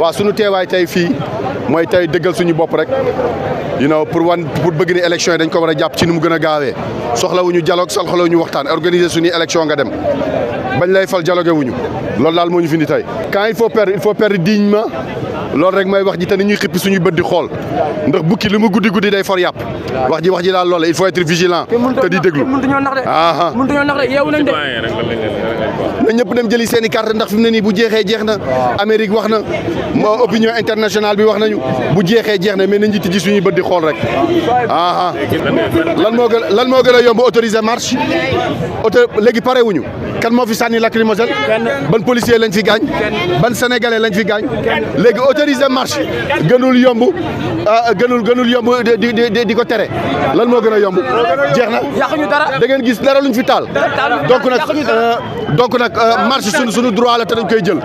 waaw suñu teewaay tey fii mooy tey dëggal suñu bopp rek you know pour wan pour bëgg ni élection yi dañ ko war a jàpp ci nu mu gën a gaawee soxlawuñu dialogue soxlawuñu waxtaan organiser suñuy élection nga dem bañ lay fal dialogue wuñu loolu daal moo ñu fi ni tey quand il faut perdre il ma perdre loolu rek mooy wax ji te ni ñuy xippi suñuy bët di xool ndax bukki li mu guddi guddi day for yàpp wax ji wax ji laal daal loolu il faut être vigilant te di déglu ah ah na ñëpp jëli seen i carte ndax fi mu ne nii bu jeexee jeex na Amérique wax na opinion internationale bi wax nañu bu jeexe jeex na mais nañ ci tijji suñuy bët di xool rek aa ah, ah. lan moo gën lan moo gën a yomb autoriser marche auto léegi pare wuñu kan moo fi sànni lacrymogène ban policier lañ fi gaañ ban sénégalais lañ fi gaañ léegi autoriser marche gënul yomb ah, gënul gënul yomb di di di ko tere lan moo gën a yomb jeex na da ngeen gis dara luñ fi taal euh, donc nag Euh, marche suñu suñu droit la te dañ koy jël.